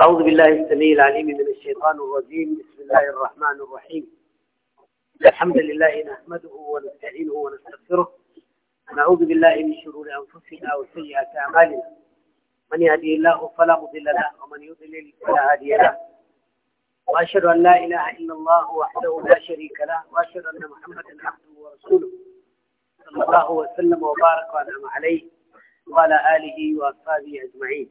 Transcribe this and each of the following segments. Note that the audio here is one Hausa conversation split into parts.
أعوذ بالله السميع العليم من الشيطان الرجيم بسم الله الرحمن الرحيم الحمد لله نحمده ونستعينه ونستغفره ونعوذ بالله من شرور أنفسنا وسيئات أعمالنا من يهدي الله فلا مضل له ومن يضلل فلا هادي له وأشهد أن لا إله إلا الله وحده لا شريك له وأشهد أن محمدا عبده ورسوله صلى الله وسلم وبارك وأنعم عليه وعلى آله وأصحابه أجمعين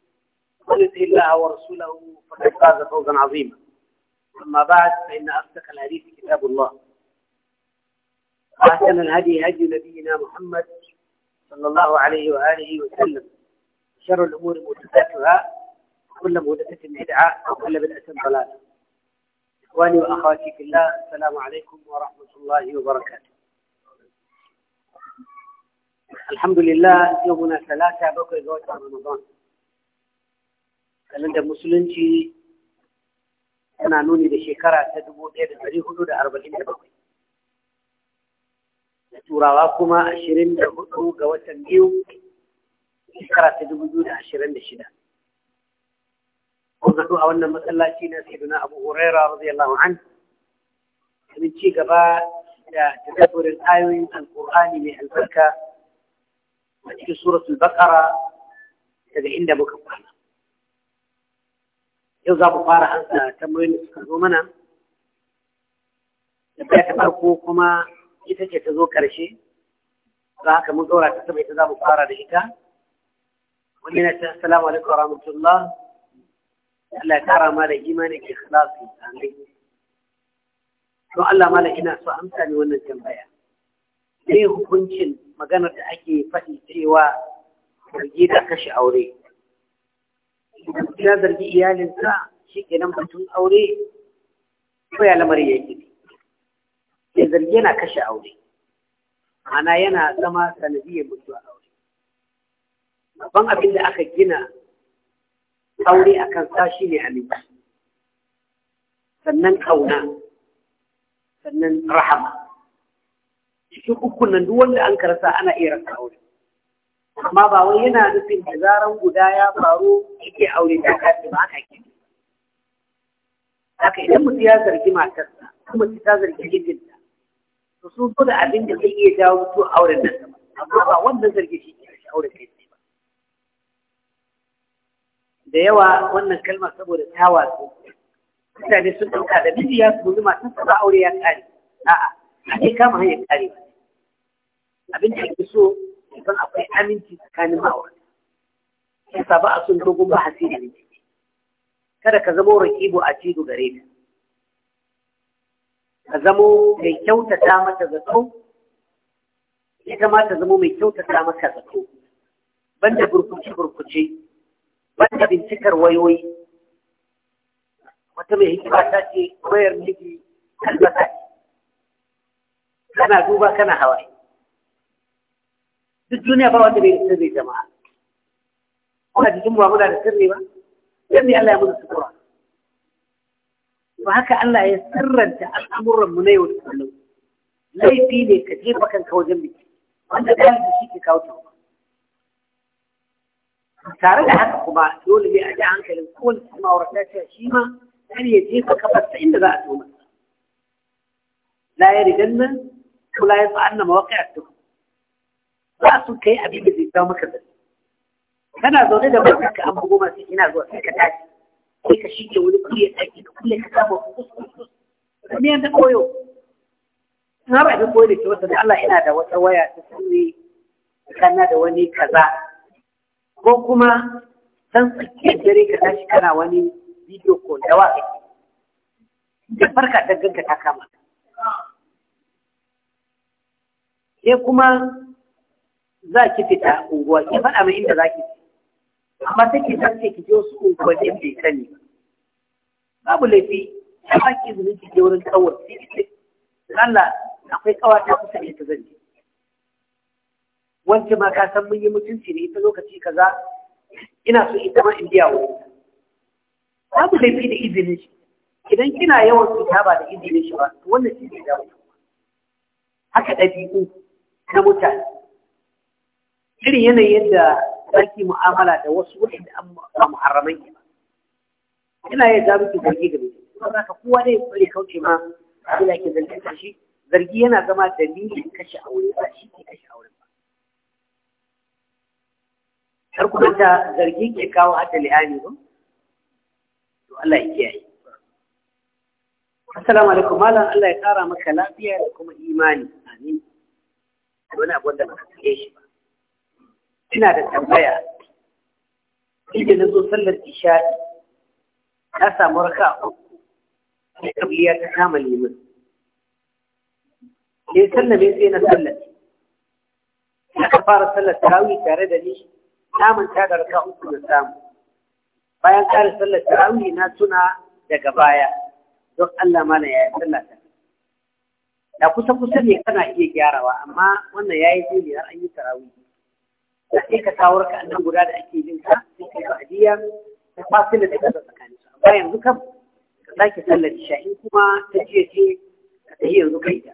من يطع الله ورسوله فقد فاز فوزا عظيما أما بعد فإن أصدق الحديث كتاب الله وأحسن الهدي هدي نبينا محمد صلى الله عليه وآله وسلم شر الأمور محدثاتها كل محدثة بدعة وكل بدعة ضلالة إخواني وأخواتي في الله السلام عليكم ورحمة الله وبركاته الحمد لله يومنا ثلاثة بكرة رمضان da musulunci yana nuni da shekara ta dubu ɗaya da hudu da arba'in da bakwai. da turawa kuma ashirin da hudu ga watan biyu shekara ta dubu biyu da da shida. kun haɗu a wannan matsalaci na sayyidina abu huraira radiyallahu an domin ci gaba da tattaburin ayoyin alƙur'ani mai albarka a cikin suratul bakara daga inda muka kwana yau za mu fara ansa tambayoyin da suka zo mana da ta farko kuma ita ce ta zo ƙarshe za ka mun ɗora ta saboda za mu fara da ita wani yana ce assalamu alaikum wa rahmatullah Allah ya kara ma da imani ke khalasu amin don Allah mala ina so amsa ne wannan tambaya me hukuncin maganar da ake faɗi cewa zargi da kashe aure ya zargi iyalinsa shi kenan batun aure ko ya lamari ya yi ya zargi yana kashe aure ana yana zama sanadiyar mutuwa aure babban abin da aka gina aure a kan sashi ne aminci sannan kauna sannan rahama cikin ukun nan duk wanda an karasa ana iya rasa aure amma ba wai yana nufin da zaran guda ya faru yake aure ta kafi ba haka ke haka idan mutum ya zargi matarsa kuma mace ta zargi mijinta to sun so da abin da zai iya jawo su auren nan amma ba wanda zargi shi ke shi auren kai ba da yawa wannan kalma saboda ta wasu mutane sun ɗauka da miji ya su matarsa ba aure ya kare a'a a kama hanyar kare abin da ake so idan akwai aminci tsakanin ma'aurata yasa ba a sun dogon ba hasiri ne. kada ka zamo rakibu a cikin gare ni. ka zamo mai kyautata mata zato ita ma ta zama mai kyautata maka zato banda burkuce burkuce banda bincikar wayoyi wata mai hikima ta ce wayar miji albasa kana duba kana hawaye في الدنيا فوات بين السر جماعة وهذه جمعة مدى السر ما جماعة يعني الله يمد السر وهكا الله يسر أنت الأمر المني والسلو لا يبيني كثير بكن كو جنبك وأنت قال بشيك كو جنبك سارك حتى قبا يقول لي أجعانك لنقول السماء ورشاشة شيمة يعني يجيب كبس فإن لا أتومك لا يرجن ولا يطعن مواقع التكوى ba su kai abin da zai kawo maka zai kana zaune da ba ka an bugu masu ina zuwa sai ka tashi sai ka shige wani kulle tsaki ka kulle ka kama kuskus me yanda koyo na ba da koyo da ke wata Allah ina da wata waya ta sirri kana da wani kaza ko kuma san tsakiyar dare ka tashi kana wani bidiyo ko dawa kake da farka ta ganka ta kama sai kuma za ki fita unguwa ki faɗa mai inda za ki amma sai ki sace ki je wasu unguwanni bai sani babu laifi ya ba ki izinin ki je wurin kawar sai ki ce Allah akwai kawa ta kusa ne ta zanje wancan ma ka san mun yi mutunci ne ita lokaci kaza ina so ita ma in biya wa babu laifi da izinin shi idan kina yawan fita ba da izinin shi ba to wannan shi ne da haka ɗabi'u na mutane irin yanayin da zaki mu'amala da wasu wurin da an muharraman ki ina yin da muke zargi da mutum Kuma ka kowa ne ya kauce ma ina ke zargi da shi zargi yana zama dalilin kashe aure ba shi ke kashe aure ba har kuma ta zargi ke kawo hadda li'ani ba to Allah ya kiyaye Assalamu alaikum malam Allah ya kara maka lafiya da kuma imani amin wani abu da ba ka shi ba ina da tambaya inda na zo sallar isha'i na samu raka uku sai ya ta kama neman ne sallame sai na sallar ka fara sallar tarawih tare da ni samun ta da raka uku na samu bayan ƙara sallar tarawih na tuna daga baya don Allah mana ya yi sallar ta da kusa kusa ne kana iya gyarawa amma wannan ya yi har an yi tarawih sai ka kawo ka annan guda da ake jin ka sai ka yi adiya da fasilin da kaza tsakanin su amma yanzu kam ka sake sallar isha in kuma ta jiya ce ka tafi yanzu kai da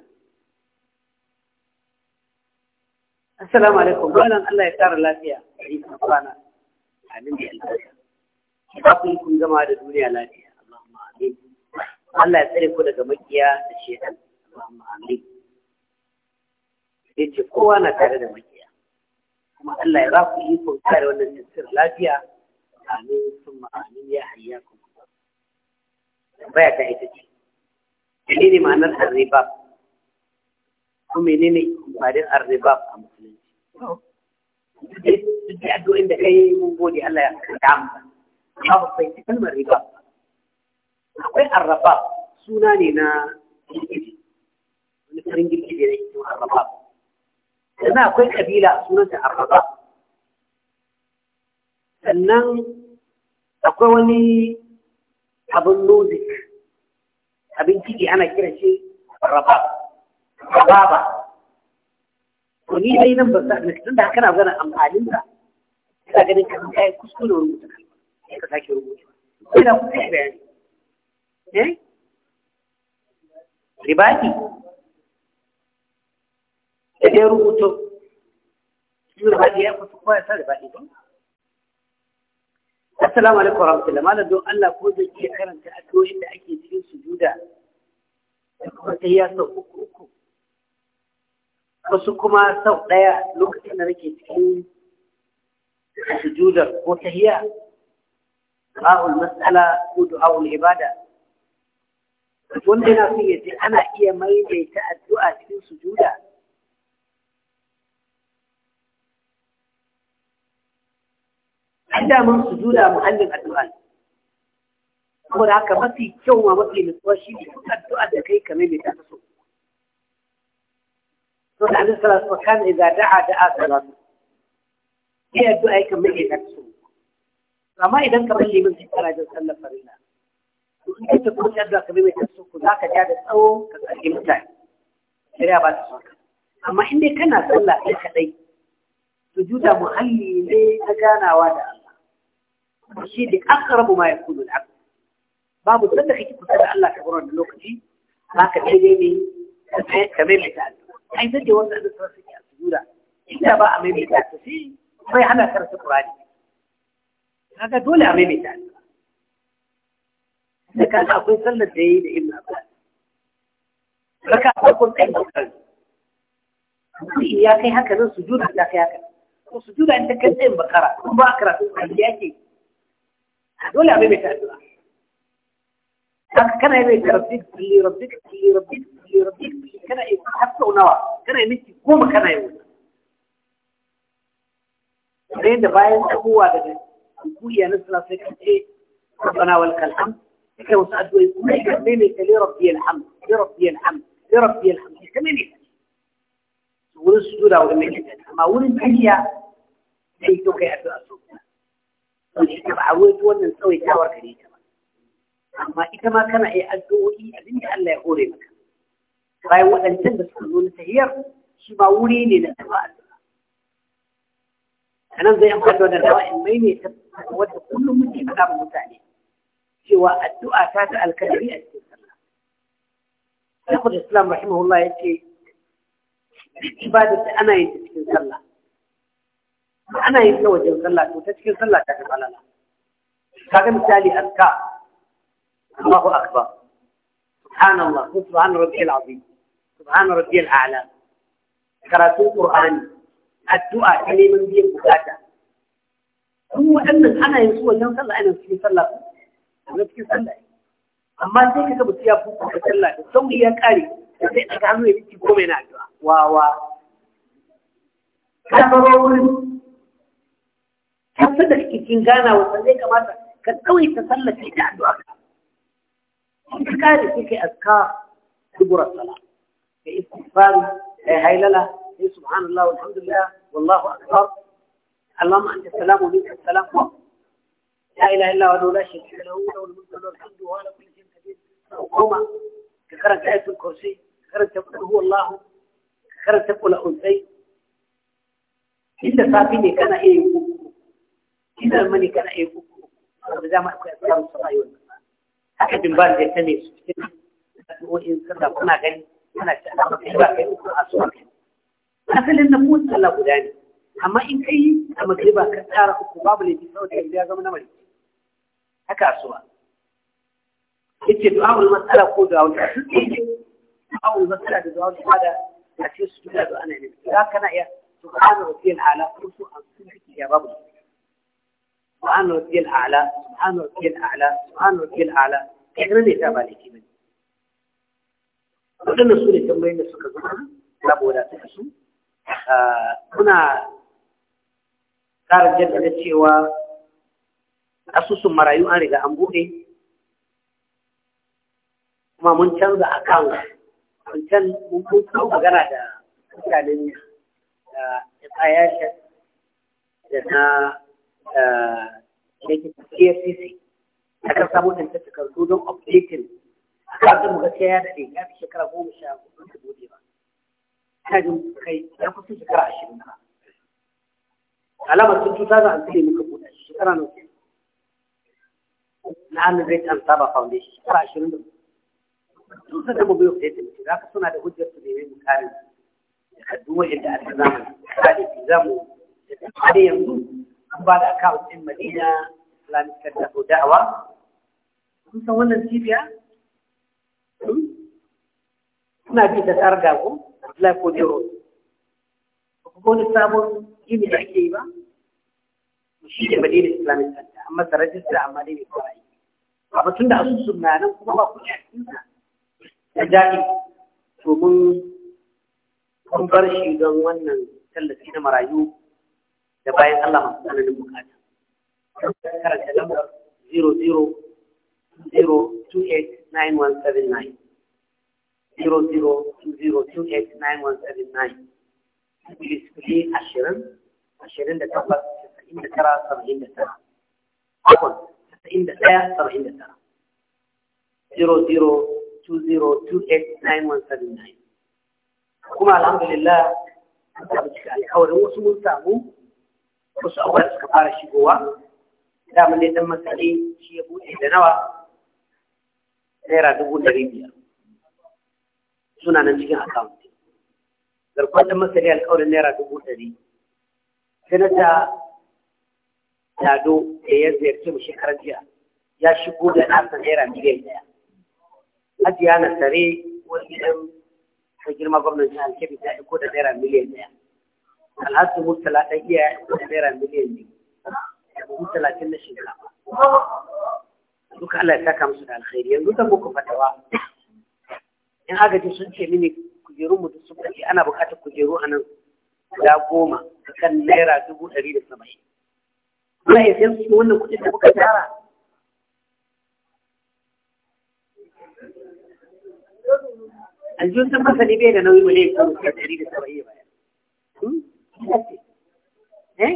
assalamu alaikum wannan Allah ya tsara lafiya a yi kwana amin da albarka ba kun kun gama da duniya lafiya Allahumma amin Allah ya tsare ku daga makiya da shedan Allahumma amin Ya ce kowa na tare da makiya kuma Allah ya ba ku iko kare wannan tafsir lafiya amin summa amin ya hayyakum tambaya ta ita ce menene ma'anar arriba ko menene amfanin arriba a musulunci duk da addu'o'in da kai mun gode Allah ya kada mu babu sai kalmar riba akwai arraba suna ne na wani farin girki da yake arrabab sannan akwai kabila a sunanta arraba sannan akwai wani abin nozik abin ciki ana kira shi arraba rababa to ni dai nan ba sa ne tunda haka na magana amfanin ina ganin kan kai kuskure rubuta kalma sai ka sake rubuta ina kusa kuskure bayani eh ribati da ɗaya rubuto yi rubaɗi ya kusa kuma ya sa rubaɗi ba assalamu alaikum warahmatullahi malam don Allah ko zai iya karanta addu'o'in da ake cikin sujuda da kuma sai ya sau uku uku wasu kuma sau ɗaya lokacin da nake cikin sujudar ko tahiyya du'a'ul mas'ala ko du'a'ul ibada wanda na so ya ana iya maimaita addu'a cikin sujuda su daman sujuda muhallin addu'a saboda haka mafi kyau ma mafi nutsuwa shi ne duk addu'a da kai kame mai ta so to da annabi sallallahu alaihi wasallam kana idza da'a da'a salatu ya addu'a yake mai ta so amma idan ka balle mun tsara da jin sallar farilla to in ka ko ta addu'a kame mai ta so ko ka ja da tsawo ka tsaki mutane ya ba ta so amma in dai kana sallah kai kadai sujuda muhalli ne na ganawa da Allah shi da aqrabu ma yakunu al-abd babu sanda kake kusa da Allah ta gurin lokaci Ba ka daidai ne ka maimaita addu'a ai sai wanda da sarrafa ke sujuda inda ba a maimaita ta shi bai hana karatu Qur'ani kaga dole a maimaita addu'a da kaga akwai sallar da yayi da Ibn Abbas raka farkon tsayin kokari ya kai haka nan sujuda ta kai haka ko sujuda in ta kai tsayin bakara kuma ba karatu yi yake dole a maimaita addu'a haka kana yi mai rabbik kulli rabbik kulli rabbik kulli rabbik kulli kana yi har sau nawa kana yi miki goma kana yi wani da yadda bayan abubuwa daga ku iyalan suna sai kan ce rabbana wal kalham kai wasu addu'o'i kuma ya kan maimaita li rabbi alhamd li rabbi alhamd li rabbi alhamd ka maimaita wurin sujuda wurin maimaita amma wurin tahiya sai to kai addu'a sau sau shi ba a wato wannan tsawaitawar gare ta ba amma ita ma kana iya addu'o'i abinda Allah ya hore maka bayan waɗancan da suka zo na tahiyar shi ba wuri ne na tafa addu'a a nan zai amfani da dawa in mai ne ta wadda kullum muke faɗa ma mutane cewa addu'a ta ta alkalari a cikin sallah Shekul Islam rahimahullah ya ce duk ibadar da ana yin cikin sallah ana yin ta wajen sallah to ta cikin sallah ta kafa lala kaga misali azka Allahu akbar subhanallah subhan rabbiyal azim subhan rabbiyal a'la karatun qur'ani addu'a ta neman biyan bukata duk waɗannan ana yin su wajen sallah ana cikin sallah ana cikin sallah amma sai kaga mutum ya fuku da sallah da sauri ya kare sai daga hannu ya fice komai na addu'a wa wa ka har da kake cikin gana wannan zai kamata ka tsawaita sallar kai da addu'a in ka kare sai kai azka kubura sala kai istighfari kai haylala kai subhanallah walhamdulillah wallahu akbar اللهم انت السلام ومنك السلام لا اله الا هو لا شريك له له الملك وله الحمد وهو على كل شيء قدير وقوما كخرج آية الكرسي كخرج تقول هو الله كخرج تقول أنثي إلا سابيني كان إيه إذا الملك أنا أيوه إذا ما أكون أسلام الصلاة والمساء أحد بمبال يتني وإن كنا كنا غني أنا شأنا في باقي أسوأ أخلي النفوس الله بداني أما إن أي المغربة كتارة القباب اللي تسعود إليها زمن ملك هكا أسوأ إنت دعاء المسألة هو أو أو المسألة دعاء هذا أتيس جلد أنا هنا لكن يا سبحان ربي العالى قلت أن سمعت يا رب subhana rabbiyal a'la subhana rabbiyal a'la subhana rabbiyal a'la kai kana ne ta ba laifi bane waɗannan su ne tambayoyin da suka zama saboda suka su muna ƙara jaddada cewa asusun marayu an riga an buɗe kuma mun canza account mun can mun magana da mutanen da ya da CFCC akan samun ta takardu don updating kafin mu ga sai ya daɗe ya fi shekara goma sha hudu da bude ba ina jin kai ya kusa shekara ashirin na alamar sun cuta za a tsaye muka buɗe shi shekara na ke na an rate and saba foundation shekara ashirin da su sun zama bai update ne za ka suna da hujjar su ne mu kare da kaddu wa'in da aka zamani kare zamu da yanzu an ba da account Madina Islamic Center Da'awa. Kun san wannan cibiya? Hmm? Kuna bi da tsarga ko? Abdullahi ko Jiro. Ba ku wani sabon gini da ake yi ba? Shi ne Madina Islamic Center, an masa rajista amma dai bai fara yi. Abu tun da asusun na nan kuma ba ku a cikinsa. Da daɗi domin kun bar shi don wannan tallafi na marayu da bayan Allah masu tsananin bukata. Karanta lambar 0020289179 0020289179 Bilisfili ashirin, ashirin da takwas, tasa'in da tara, saba'in da tara. Akon, tasa'in da ɗaya, saba'in da tara. 0020289179 Kuma alhamdulillah, an samu cika alkawarin wasu mun samu wasu abuwa da suka fara shigowa daman dai dan matsari shi ya buɗe da nawa naira dubu ɗari biyar suna nan cikin akawunt garkuwar dan matsari alƙawarin naira dubu ɗari sanata tado da ya ziyarci mu shekarar jiya ya shigo da nasa naira miliyan ɗaya hajiya na tare wani gidan ta girma gwamnan jihar kebbi ta aiko da naira miliyan ɗaya alhassan murtala ɗan iya da naira miliyan ne dubu talatin na shinkafa duka Allah ya saka musu da alkhairi yanzu zan muku fatawa in agaji sun ce mini kujerun mu sun kace ana buƙatar kujeru a nan guda goma a kan naira dubu ɗari da saba'in Allah ya sayar su wannan kuɗin da muka tara aljihun sun masani bai da nauyi wale ya ɗari da saba'in bayar. Hmm? Eh?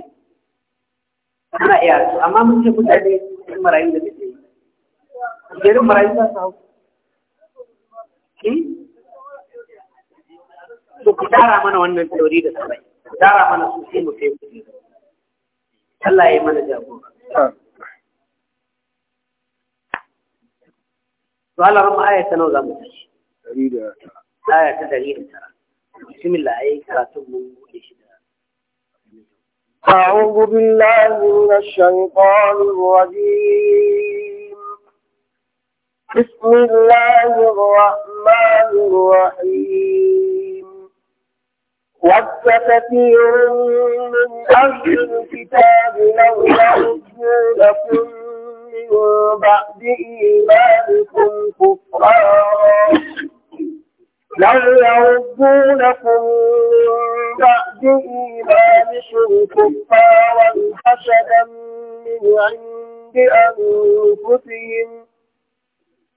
ana iya amma mun ce da yi jerin marayu za su hau hmm? ku tara mana wannan da ku tara mana su sai mu kai kuɗi Allah ya yi mana jagora to Allah aya za mu tashi aya ta dari karatun mun buɗe shi أعوذ بالله من الشيطان الرجيم بسم الله الرحمن الرحيم ود كثير من أهل الكتاب لو يردونكم من بعد إيمانكم كفارا لن يردونكم من بعد إيمانكم كفارا حسدا من عند أنفسهم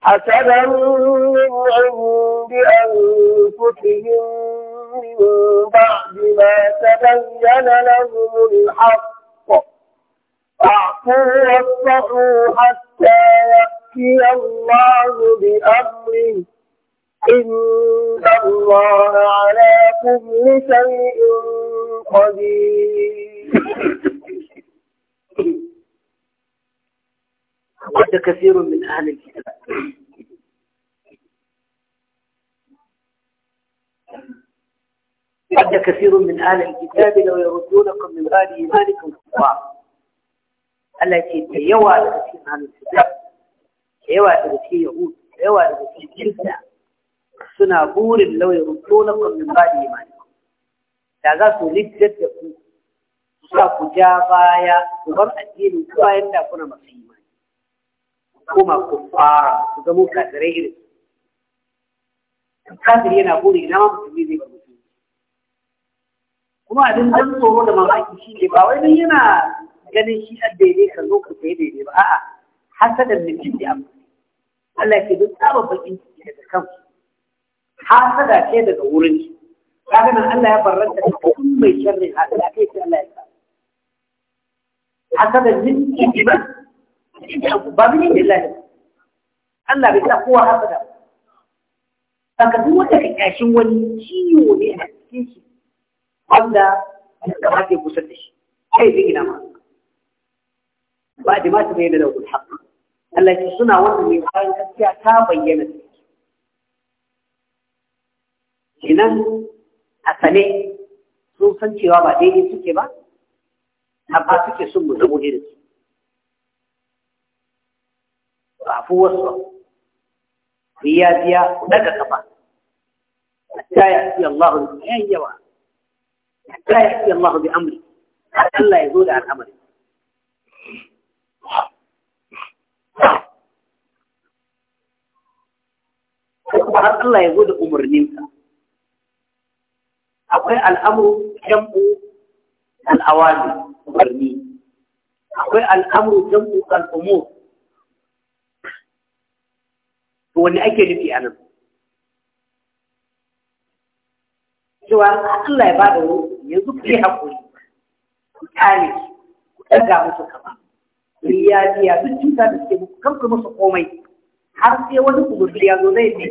حسدا من عند أنفسهم من بعد ما تبين لهم الحق فاعفوا واصفحوا حتى يأتي الله بأمره إن الله على كل شيء قدير قد كثير من أهل الكتاب قد كثير من أهل الكتاب لو يردونكم من غير إيمانكم كفار التي تيوى لكثير في أهل الكتاب تيوى في يهود تيوى في كنسة suna burin lauyi rukunan kwamin bada da imani da za su littar da ku su sa ku ja baya ku bar addinin ku bayan da kuna masu imani kuma ku fara ku zama kafirai irin kafir yana buri ina ma musulmi zai bar musulmi kuma abin ban tsoro da mamaki shi ne ba wai don yana ganin shi a daidai ka zo ku sai daidai ba a'a hasadan mutum da amma Allah ke ce duk bakin ciki daga kanku hasada ce daga wurin shi kaga nan Allah ya barranta da kun mai sharri hasada kai sai Allah ya sa hasada min ibad ba min lillahi Allah bai sa kowa hasada saka duk wanda ka kashin wani ciwo ne a cikin shi wanda da ba ke kusa da shi kai zai gina ma ba da ma ta bayyana da wani haƙƙi Allah ya suna wannan mai bayan gaskiya ta bayyana kenan a sane sun san cewa ba daidai suke ba na ba suke sun mu zamo da su ba fi wasu ku yi yafiya ku daga kafa hatta ya fi Allah da yayyawa hatta ya fi Allah bi amri a Allah ya zo da al'amari kuma har Allah ya zo da umarninsa akwai al'amru jam'u al'awali umarni akwai al'amru jam'u al'umur to wanne ake nufi a nan cewa Allah ya ba da wuri yanzu ku yi haƙuri ku kare ku ɗaga musu kama riya riya duk cuta da suke muku kan ku musu komai har sai wani kumurli ya zo zai ne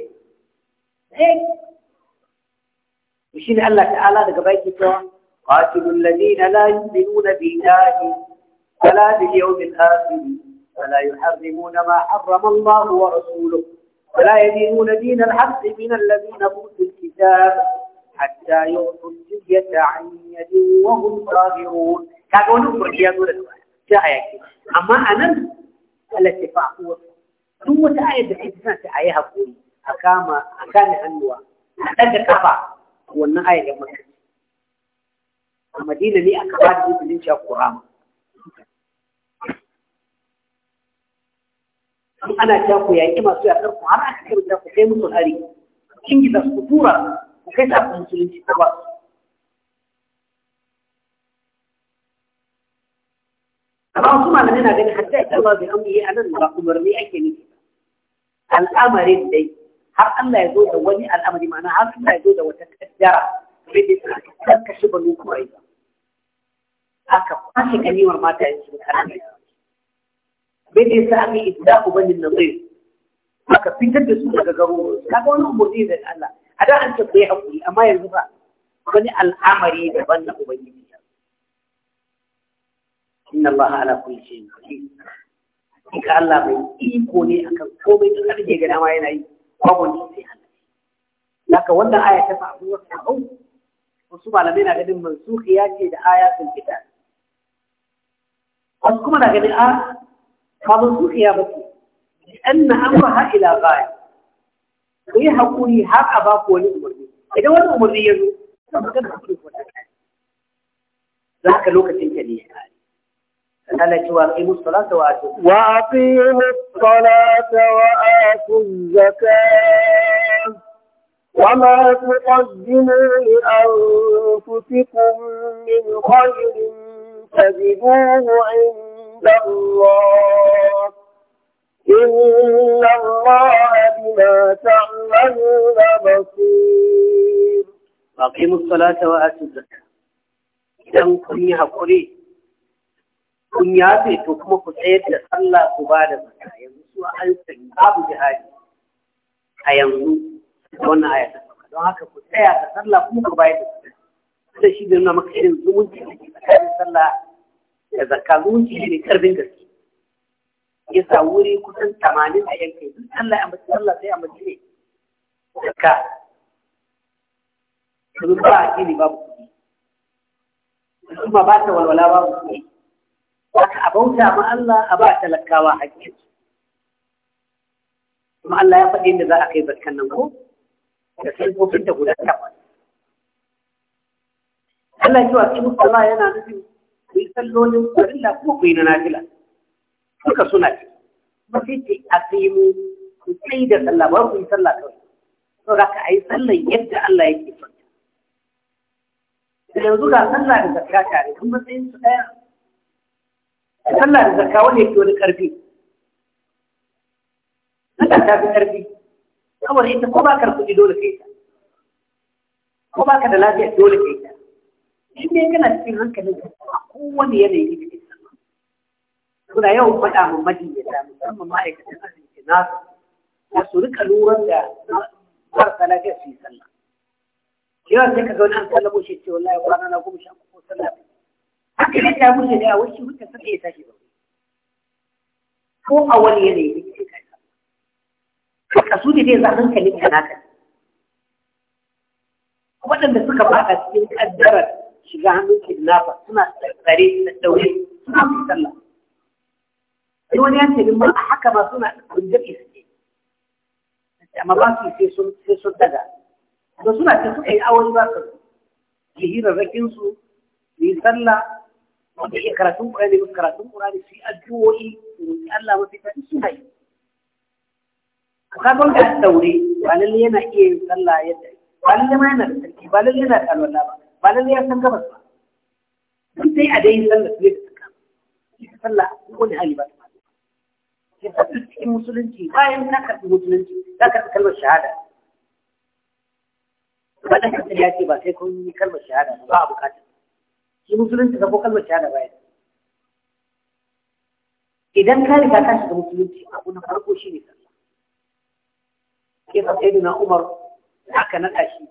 وشين الله تعالى قبيته قاتل الذين لا يؤمنون بالله ولا باليوم الآخر ولا يحرمون ما حرم الله ورسوله ولا يدينون دين الحق من الذين أوتوا الكتاب حتى يؤتوا الجزية عن يد وهم صاغرون كاكونو فرديا نور الوالد تعيا أما أنا الاتفاق هو تو آية تعيا بحيث ما تعياها كوي أكاما أكاني أنوا wannan aya ɗan maka a madina ne aka ba da izinin cewa ƙorama. in ana cewa ku yaƙi masu yaƙar ku har aka kai ku kai musu hari kin gida su tura ku kai ta musulunci ta ba su amma su malamai na ganin hatta ita ma bai amma yi nan ba umarni ake nufi al'amarin dai har Allah ya zo da wani al'amari ma'ana har Allah ya zo da wata kaddara wanda ta kan kashe banu kurai aka kwace kalimar mata yanzu da kalamai bai da yasa aka yi idda ubanin nazir aka fitar da su daga garo kaga wani umurni da Allah a da an ce ku yi hakuri amma yanzu ba wani al'amari daban na ubangiji inna Allah ala kulli shay'in qadir ka Allah mai iko ne akan komai da kake ga dama yana yi babu ne sai Allah haka wannan aya ta fa abu wata au wasu malamai na ganin mansuhi ya ce da aya ayatul kitab wasu kuma na ganin a ba mansuhi ya ba ce an amraha ila baya, ku yi hakuri har a ba ku wani umarni idan wani umarni ya zo ka magana hakuri ko ta kai za ka lokacin ka ne ya kare وأقيموا الصلاة وآتوا وأقيموا الصلاة وآتوا الزكاة وما تقدموا لأنفسكم من خير تجدوه عند الله إن الله بما تعملون بصير وأقيموا الصلاة وآتوا الزكاة إذا كن يهقري kun yafe to kuma ku tsayar da sallah ku ba da zakka yanzu su an sani babu jihadi a yanzu wannan aya ta don haka ku tsaya da sallah kuma ku bayar da zakka sai shi da nuna maka irin zumunci da ke tsakanin sallah da zakka zumunci ne karfin gaske yasa wuri kusan tamanin a yankin duk sallah a mace sallah sai a mace ne zaka domin ba a babu kuɗi kuma ba ta walwala babu kuɗi wata abauta ma Allah a ba talakawa hakkin kuma Allah ya faɗi da za a kai zakkan nan ko da sifofin da guda takwas Allah ya ce wa Allah yana nufin ku yi sallolin farilla ko ku na nafila duka suna ce ba sai ce a sai mu ku sai da sallah ba ku yi sallah kawai to za ka yi sallah yadda Allah yake son Da yanzu ga sallah da zakka tare kuma matsayin su daya sallah da zakka wanda yake wani karfi sallah ta fi karfi saboda ita ko baka da kuɗi dole kai ta ko baka da lafiya dole kai ta in dai kana cikin hankalin ka a kowane yanayi kake sama suna yau faɗa min majiyyata musamman ma'aikatan asibiti nasu da su rika lura da marasa lafiya su yi sallah yawan sai ka ga wani an sallamo shi ce wallahi kwana na goma sha uku haka ne ta mutu da wasu mutum suka yi tafi ba ko a wani yanayi ne ke kai ka kasu da dai za hankalin ka naka waɗanda suka faɗa cikin kaddarar shiga hannun kidnapper suna tsare da ɗaure suna fi sallah sai wani ya ce ma a haka ba suna kunjar iske amma ba su sai sun daga Ba suna ce suka yi awon ba su ke hirarrakin su su yi sallah wanda iya karatun Qur'ani musu karatun Qur'ani su yi addu'o'i su roƙi Allah mafi ta su hai ka ga da daure ba lalle yana iya yin sallah yadda ba lalle ma yana da sarki ba lalle yana da alwala ba ba lalle ya san gabas ba duk sai a dai sallah su yadda suka ita sallah wani hali ba ta ba ya sa duk cikin musulunci bayan ka karɓi musulunci za ka kalmar shahada ba ɗan kasar ya ce ba sai kun yi kalmar shahada ba ba a bukatar shi musulunci da ko kalmar shahada baya idan ka riga ka shiga musulunci abu na farko shi ne sallah kisa sai na umar da aka naɗa shi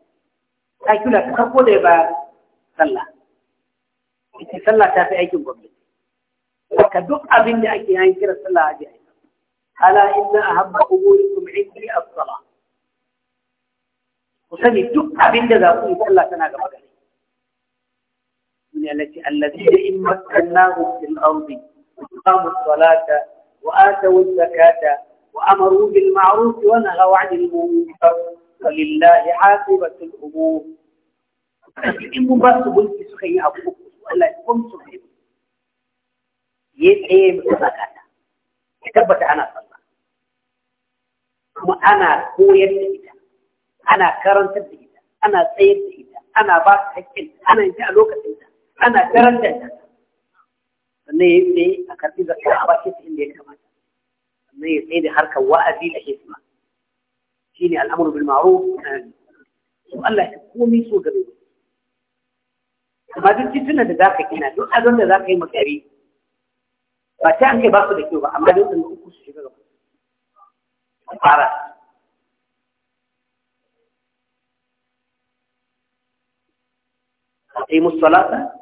ta kula ta farko da ba sallah ita sallah ta fi aikin gwamnati ka duk abin da ake yayin kira sallah a jiya ala inna ahabba umurikum indi as-salah ku sani duk abin da za ku yi sallah tana gaba gare الذين مكناهم في الأرض أقاموا الصلاة وآتوا الزكاة وأمروا بالمعروف ونهوا عن المنكر ولله عاقبة الأمور إن مبارك بلت سخي أبوك ولا يقوم سخي يدعي مصدقة كتبت أنا صلى أنا هو يدعي أنا كرنت بإذا أنا سيد بإذا أنا باك أنا أنا إنت ألوك بإذا أنا كرنت أنا إبني أكرت إذا كعبك إندي أنا أني سيدي حركة وأذي لحسمة فيني الأمر بالمعروف وأن لا تكوني سوء قبيل ما دي تسنى تداخل أنا دون أدون تداخل مكاري ما تأخي باقي بكيوبا أما دون أن أكوش شكرا أفارا أقيموا الصلاة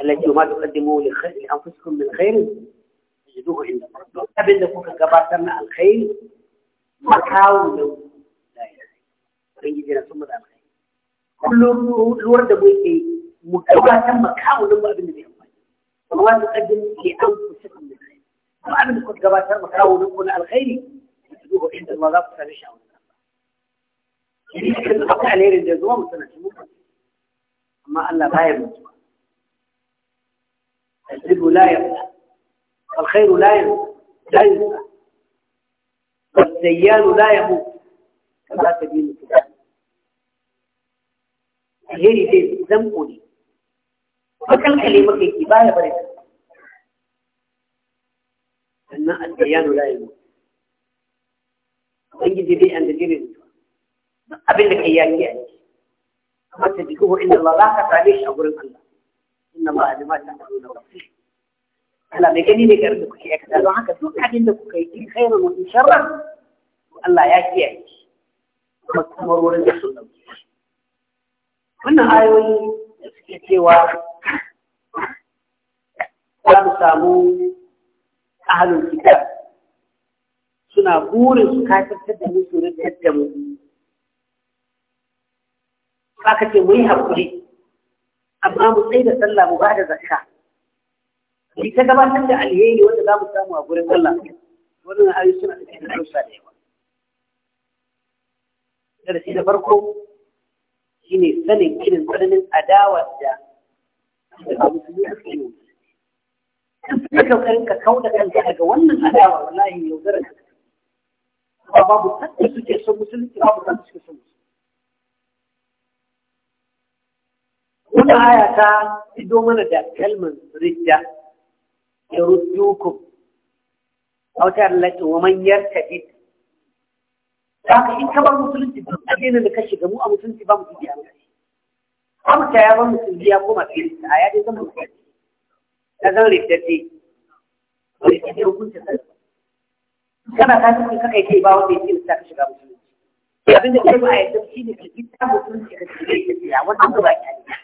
التي ما تقدموا لأنفسكم من خير تجدوه عند الله قبل لكم سمع الخير ما حاولوا لا يعني جينا ثم ذا الخير كل الورد بويكي مكباتا سمع حاولوا ما أبن بهم وما تقدم لأنفسكم من خير ما أبن لكم كباتنا ما حاولوا من الخير تجدوه عند الله لا تفرش عن يعني يريد أن تقطع ليل الجزوة مثلا ما الله باير مجموعة البر لا ينفع والخير لا ينفع لا ينفع والديان لا يموت كما تدين الكتاب alheri zai zanko ne makalkale maka yake ba ya bari sannan albayanu la yamu ubangiji dai an da jire da abin da kai yayi amma ta jiku inda Allah za ka same shi inna ma alima ta nuna basir Allah mai gani ne ga da kuke aikata don haka duk abin da kuka yi in khairu wa in sharrar Allah ya kiyaye kuma kuma wurin da sun dauke wannan ayoyi da suke cewa za mu samu ahalin kitab suna burin su kafirtar da mu su rintar da mu ka ce mu yi haƙuri amma mu tsaye da sallah mu ba da zakka ni ta gabatar da alheri wanda za mu samu a gurin Allah wannan ayoyi suna da cikin rusa da yawa darasi da farko shine sanin irin tsananin adawa da abu su ne suke yi suka kokarin ka kauda kanka daga wannan adawa wallahi yaudarar ka babu tsakki suke son musulunci babu tsakki suke son musulunci Wani aya ta fito mana da kalmar ridda ya ku a wata lati wa manyan yartadi haka in ka bar musulunci ba a daina da ka shiga mu a musulunci ba musulunci a musulunci amsa ya bar musulunci ya koma da a yadda zama musulunci ta zan rijja ce hukuncin sarki kana ka kai kai yi ba wanda ya kirista ka shiga musulunci abinda kai ba a yadda shi ne ka kirista musulunci ka shiga ya tafiya wannan ba ya ne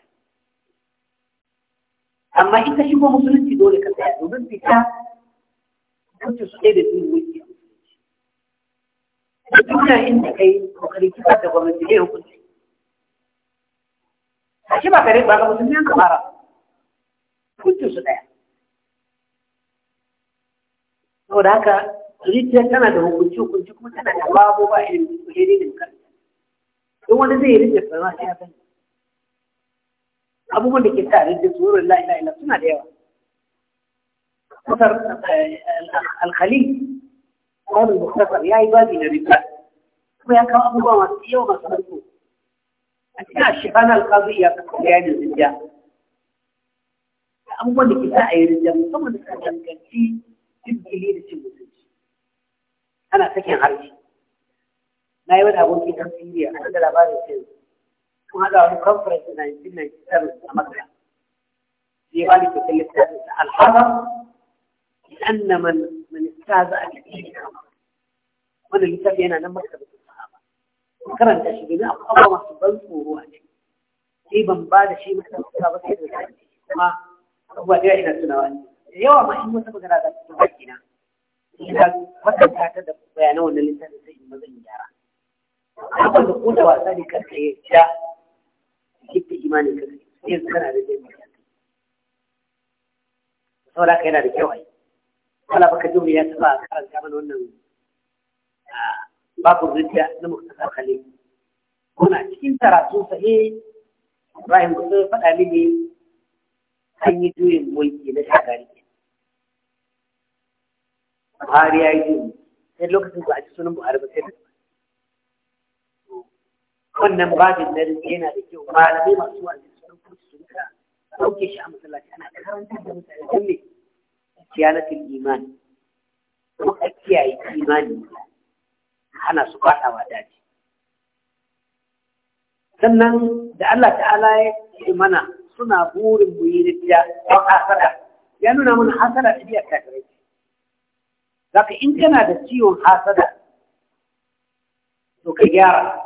amma in ka shigo musulunci dole ka tsaya domin fita wuce su ɗaya da su wuce da dukkan inda kai kokari kisa da gwamnati zai hukunci a shi ba kare ba ga musulmi an kamara hukuncin su ɗaya saboda haka zuciya tana da hukunci hukunci kuma tana da babu ba irin hukunci da karanta don wani zai yi rijistar ma sai a sani أبو مني كتاع الدستور لا إله إلا الله سنة ديوة مصر الخليل قال المختصر يا عبادي نبي الله ويا كم أبو بابا يوم أصدقه أثناء الشيخان القضية في عين الزنجا أبو مني كتاع الرجاء ثم نتحدث كان في تبقي لي رسم أنا سكن عرشي ما يود أبو مني كتاع الرجاء أنا دلابار الرجاء sun haɗa wani conference na yankin nan a makara shi ba ni ke littafin da alhara لأن من من استهزأ بالدين وأنا اللي تبي أنا لما كتبت الصحابة كرنت أشي بنا أول ما صبرت وهو أشي شيء بمبادة شيء ما كتبت الصحابة كده ما هو جاي إلى سنوات يوم ما إنه سبق هذا تبجنا إذا وصلت هكذا بيانون اللي سنسي المزين جارا أقول قوة وأسالي كالحياة duk imanin yana da kyau ai wala baka ya taba karanta mana wannan babu rijiya na muktasar khalil kuna cikin karatu eh, Ibrahim faɗa mini an yi juyin mulki na shagari Buhari ya yi juyin sai lokacin ku a ci sunan Buhari ba sai wannan babin na rike yana da kyau malamai masu wa'azi su ɗauko su sauke shi a masallaci ana karanta da mutane don a kiyanatin imani kuma a kiyaye imani hana su faɗawa daji sannan da Allah ta'ala ya ce mana suna burin mu yi rijiya don hasada ya nuna mana hasada ɗabi'a kafirai zaka in kana da ciwon hasada to ka gyara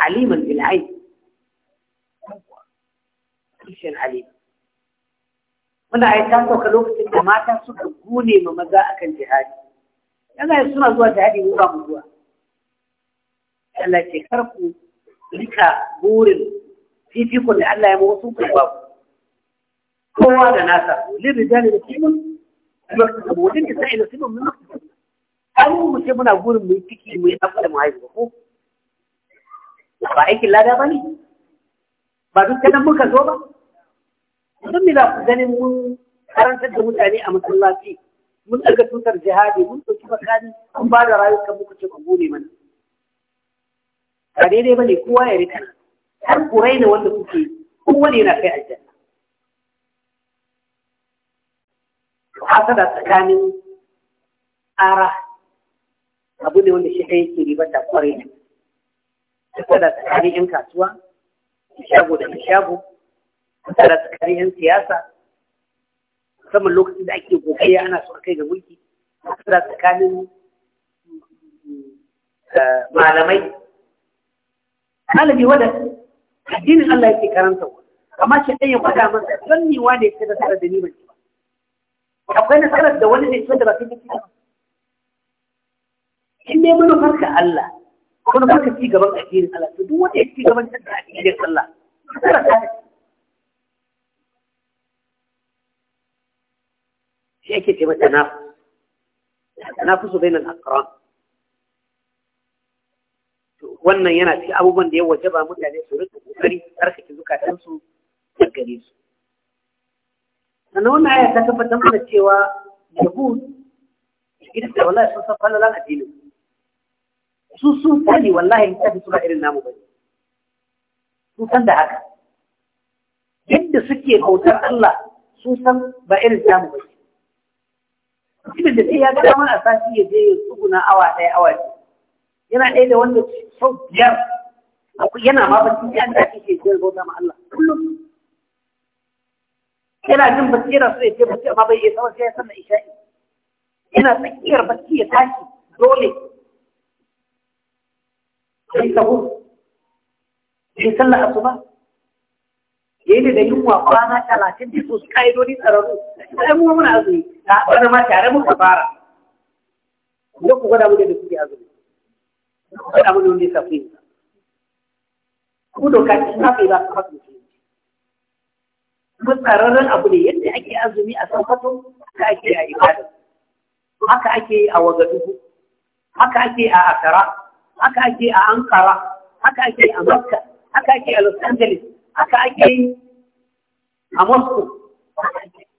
aliman bil ayn kishin alim wanda ai ta sauka lokacin da mata suka gune ma maza akan jihadi yanzu suna zuwa jihadi mu ba mu zuwa Allah ce kar rika burin fifikon da Allah ya ma wasu ku ba kowa da nasa lil rijali nasibun yaktasabu wajen lin nisa'i su mimma yaktasabu an mu ce muna gurin mu yi ciki mu yi abu da mu haihu ko ba aikin lada ba ne ba duk nan muka zo ba Mutum ne za ku ganin mun karantar da mutane a masallaci mun ɗaga tutar jihadi mun ɗauki bakani mun ba da rayuka muka ce ku mana ba daidai ba ne kowa ya rika har ku raina wanda kuke kowa ne na kai aljanna da tsakanin ara abu ne wanda shi kai yake ribata kwarai hasada tsakanin 'yan kasuwa shago da shago hasada tsakanin 'yan siyasa musamman lokacin da ake gogayya ana so kai ga mulki hasada tsakanin eh, malamai ɗalibi wadda addinin Allah yake karanta wa amma shi ɗaya faɗa masa don ni wane ce nasarar da ni mai ci akwai nasarar da wani ne ce da ba kai ba in dai manufar ka Allah wani ba ka ci gaban addinin Allah to duk wanda ya ci gaban da addinin Allah shi yake ce mata na tanafusu bainal aqran wannan yana ci abubuwan da ya wajaba mutane su rika kokari tsarkake zukatansu da gare su sannan wannan aya ta tabbatar mana cewa yahud gidan da wallahi sun san falalan addinin su sun sani wallahi ta fi suna irin namu bane sun san da haka yadda suke bautar Allah sun san ba irin namu bane mutumin da sai ya ga damar a sati ya je ya tsuguna awa ɗaya awa biyu yana ɗaya da wanda sau biyar yana ma ba cikin yadda ake ke jiyar bauta ma Allah kullum yana jin bacci yana so ya ce bacci amma bai iya sama sai ya sanna isha'i yana tsakiyar bacci ya tashi dole sai sahur shi sallah asuba yayin da yunwa kwana talatin da su ka'idodi tsararru sai mu muna azumi a wani ma tare muka fara ko ku gwada mu da kuke azumi ku da mu da wanda ya safi ku doka ki safi ba ka fasu kuma tsararren abu ne yadda ake azumi a sanfato haka ake a ibada haka ake yi a wagadugu haka ake a asara. haka ake a Ankara haka ake a Makka haka ake a Los Angeles haka ake a Moscow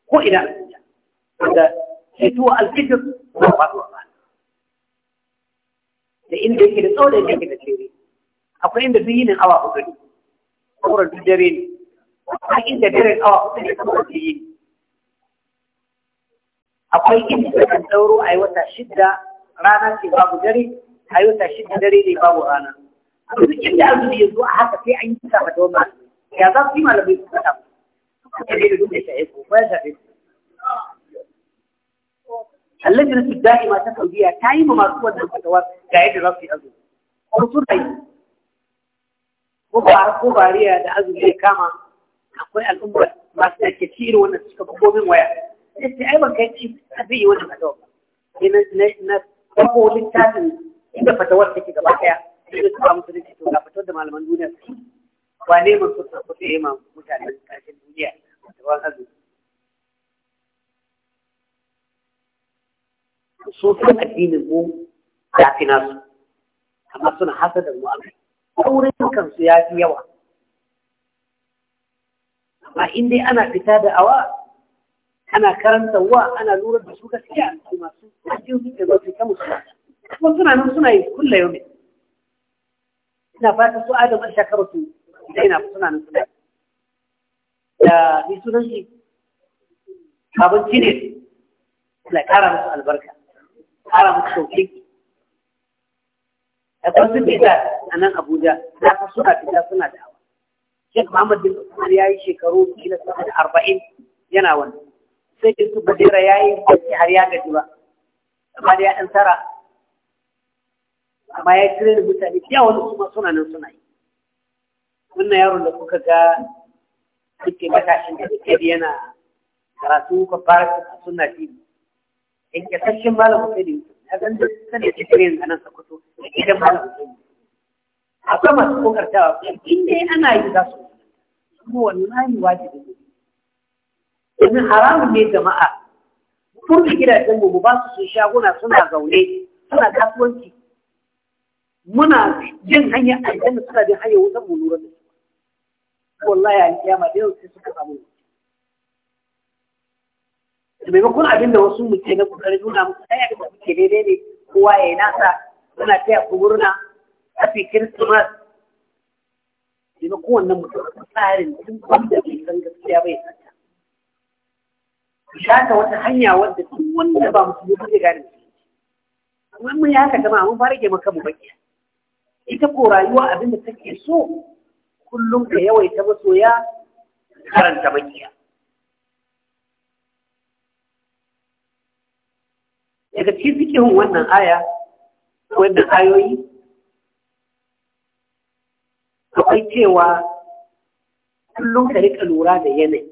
ko ina da fito alfijir da faɗuwa da inda yake da tsawo yake da tere, akwai inda duk yinin awa hudu ne kura duk dare ne akwai inda dare awa hudu ne kuma duk yini akwai inda kan tsauro a yi wata shidda rana ce babu dare a yau ta dare ne babu rana duk inda azumi ya yanzu a haka sai an yi sa fata wannan ya za su yi malamai su faɗa suka ne da duk da shahe ko ya shafe su allajin su da'ima ta saudiya ta yi ma masu wannan fatawar ga yadda za su yi azumi ko suna yi ko ba ko bariya da azumi ya kama akwai al'umma masu da ke ci irin wannan suka gobin waya sai ai ban kai ci zai yi wannan fatawar na na na ko littafin inda fatawar take gaba daya sai da kuma musulunci to ga fatawar da malaman duniya su wane mun so ta kuɗe ma mutanen ƙarshen duniya da wani azumi su san addinin mu ya fi nasu amma suna hasadar mu akai saurin kansu ya fi yawa amma in dai ana fita da awa ana karanta karantarwa ana lura da su gaskiya masu ajiyar da ta musulunci kuma suna nan suna yi kulle yau ne ina fata su adam an shakar su da ina suna nan suna yi. da ni sunan shi abinci ne da kara musu albarka kara musu sauki da kwasu fita a nan abuja na ka suna fita suna da awa. shek muhammad bin usman ya yi shekaru kila sama da arba'in yana wani. sai su badira ya yi har ya gaji ba amma ya ɗan tara amma ya kire da mutane ya wani kuma suna nan suna yi wannan yaron da kuka ga suke matashin da suke yana karatu ka fara a suna tv in kasashen malam hussein ya zan da sanar da kire yin nan sakoto da gidan malam hussein akwai masu kokartawa in dai ana yi za su kuma wallahi wajibi ne domin haramun ne jama'a turbi gidajen mu ba su sun shaguna suna zaune suna kasuwanci muna jin hanyar aljanna suna jin hanyar wutan mu lura da su wallahi a kiyama da yau sai suka samu da maimakon abin da wasu muke na kokarin nuna musu ɗaya da muke daidai ne kowa ya yi nasa suna taya ku murna happy christmas maimakon wannan mutum a tsarin tun wanda bai san gaskiya bai Ku shata wata hanya wadda duk wanda ba musulmi ba zai gane musulunci amma mun yi haka jama'a mun fara ke maka mu bakiya ita ko rayuwa abinda take so kullum ka yawaita masoya karanta bakiya daga cikin fikihun wannan aya wannan ayoyi akwai cewa kullum ka rika lura da yanayi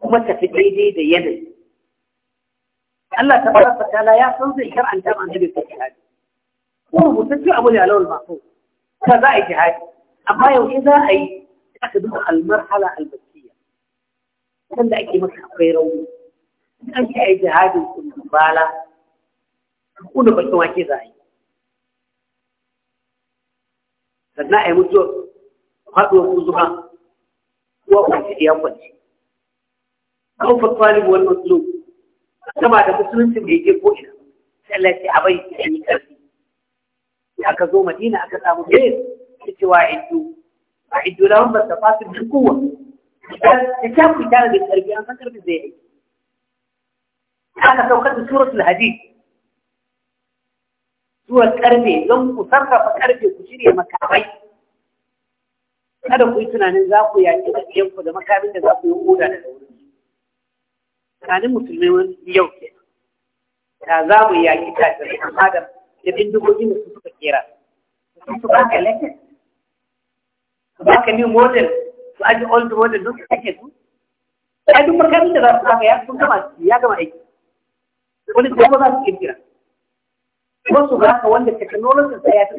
kuma tafi daidai da yanayi Allah ta fara ta ya san zai shar'anta annabi sallallahu alaihi Kuma rubutaccen abu ne a lawal mafi ta za a yi jihadi amma yaushe za a yi ta ka duba almarhala albasiya wanda ake maka akwai rauni an ce a yi jihadin kullum bala kuna bakin wake za a yi sannan a yi mutuwar haɗuwar zuwa kuwa kwanci ya kwanci kan fatwali wani matsaloli sama da musulunci mai ke ko'ina sai Allah ya ce a bai yi karfi aka zo madina aka samu ne cewa ce wa iddu a iddu da ba ta fasu da kowa ta ku ta da karbi an san karbi zai yi aka saukar da suratul hadid zuwa karfe don ku sarrafa karfe ku shirya makamai kada ku yi tunanin za ku yaƙi da ku da makamin da za ku yi oda da sauran tunanin musulmi yau ke ta za mu yaƙi da amma da da bindigogin da su suka kera su su baka lakin su baka new model su aji old model duk kake su ai duk makarin da za su baka ya sun gama ya gama aiki wani kuma za su kirkira kuma su baka wanda technology sa ya ta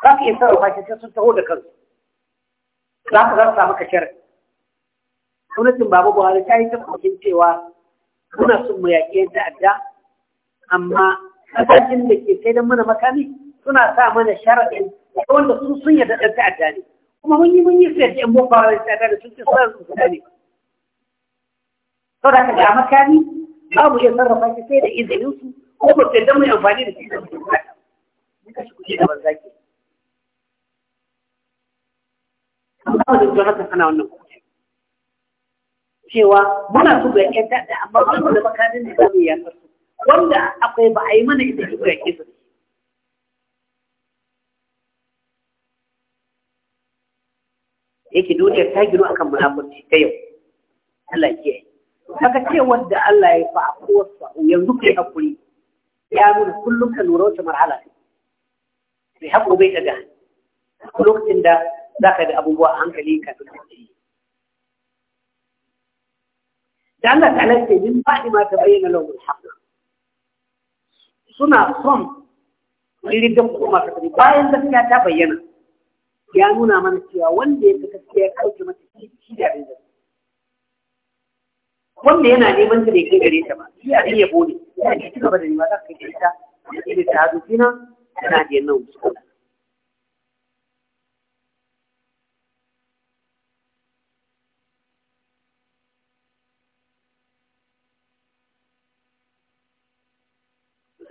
karfin ka za ka iya sarrafa shi sai sun taho da kansu za ka za su samu kashar gwamnatin baba buhari ta yi ta cewa muna son mu yaƙi ta'adda amma kasashen da ke kai don mana makami suna sa mana sharaɗin wanda sun sun yi ɗan ta ne kuma mun yi mun yi su yadda yan bomba da ta'adda sun ce suna su Sau ne saboda ga makami ba mu iya sarrafa shi sai da izinin su ko ba sai mu yi amfani da shi da su mun kashe kuje da banza ke amma wajen haka ana wannan kuma cewa muna so ga yan ta'adda amma ba da makamin da za mu yi yakar su wanda akwai ba a yi mana ita kisa kisa yake duniya ta gino akan munafurci ta yau Allah ke yi. Saka ce wanda Allah ya fa akwai yanzu kai hakuri ya nuna kullum ka lura wata marhala mai haƙo bai daga lokacin da za ka da abubuwa a hankali kafin ka yi da Allah ta lalace min ba ma ta bayyana lawul haƙo. suna son da kuma ka bayan gaskiya ta bayyana ya nuna mana cewa wanda ya gaskiya ya kauce mata shi da rinda wanda yana neman ta bai kai gare ta ba shi a ya bone ya ci gaba da nema za ka kai ta da ta hadufina yana da yannan wasu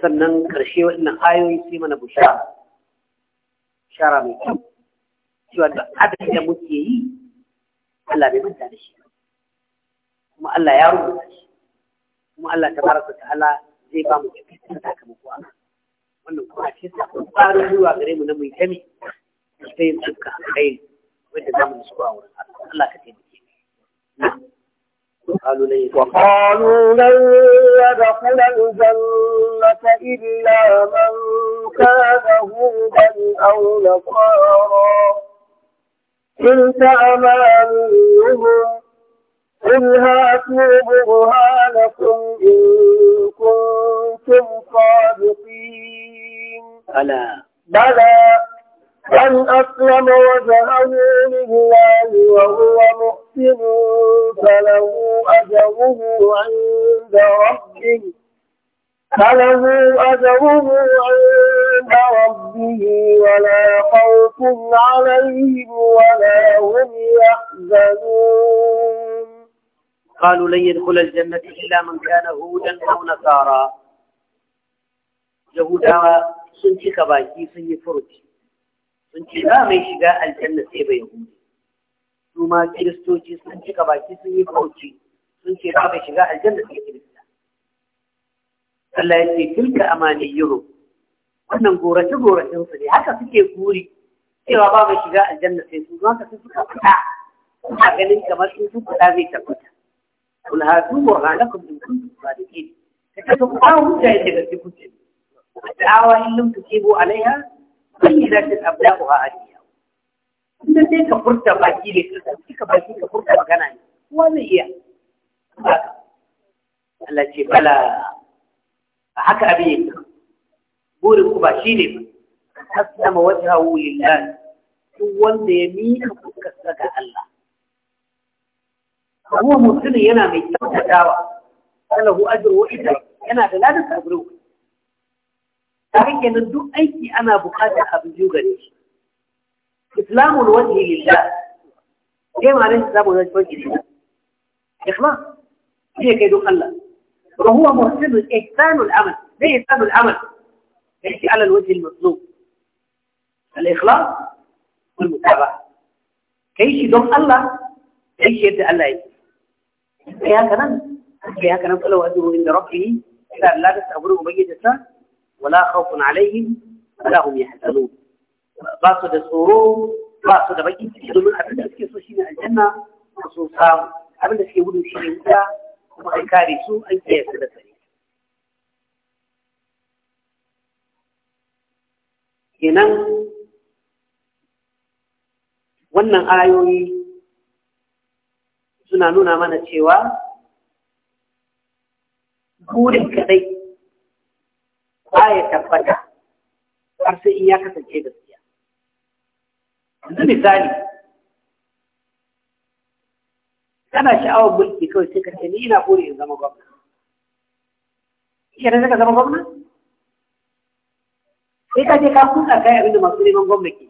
sannan ƙarshe waɗannan ayoyi sai mana bushara shara mai kyau cewa da abin da muke yi Allah bai manta da shi kuma Allah ya rubuta shi kuma Allah ta baraka ta'ala zai ba mu cikakken sakamako a wannan kuma a cikin sakamakon tsarin zuwa gare mu na mai kame da yin a kai wanda za mu nisuwa wurin Allah ka taimake mu وقالوا لن يدخل الجنة إلا من كان هودا أو نصارا تلك أمانيهم قل هاتوا برهانكم إن كنتم صادقين ألا بلى من أسلم وجهه لله وهو مؤمن فله أجره عند ربه ولا خوف عليهم ولا هم يحزنون قالوا لن يدخل الجنة إلا من كان هودا أو نصارى يهودا sun cika baki sun yi furuci sun ce ba mai shiga aljanna sai bai hudu su ma kiristoci sun cika baki sun yi furuci sun ce ba mai shiga aljanna sai kiristoci Allah ya ce tilka yuro wannan gorace gorace su ne haka suke guri cewa ba mai shiga aljanna sai su zaka su suka fita a ganin kamar sun su fada zai tabbata kul hatu burhanakum in kuntum sadiqin kace ku ba hujja yake da cikin ce da'awa in lam tusibu alaiha bayyinatin abda'uha aliya inda sai ka furta baki ne ka baki ka furta magana ne kowa zai iya Allah ce bala haka abin yake burin ku ba shi ne ba taslama wajhahu lillah duk wanda ya miƙa fuskarsa ga Allah kuma mutumin yana mai kyautatawa alahu ajru ita yana da ladan sabrin ta kenan duk aiki ana buƙatar abin biyu gare shi islamul wajhi lillah sai ma ne islamul wajhi lillah ikhlas sai kai duk Allah وهو مرتب إحسان العمل ليه إحسان العمل؟ يحكي على الوجه المطلوب الإخلاص والمتابعة كيش يدوم الله كيش يد الله يجي يا كلام يا كلام قالوا أدعو عند ربه إلا لا تستغفره مجدسا ولا خوف عليهم ولا هم يحزنون باسو da tsoro ba su da baki domin abin da suke so shine aljanna su kuma an kare su an kiyaye su da tsari kenan wannan ayoyi suna nuna mana cewa burin kadai ba ya tabbata har sai in ya kasance gaskiya. Yanzu misali, kana sha'awar mulki kawai sai ka ce ni ina buri in zama gwamna shi ne zaka zama gwamna sai ka je ka kuka kai abin da masu neman gwamna ke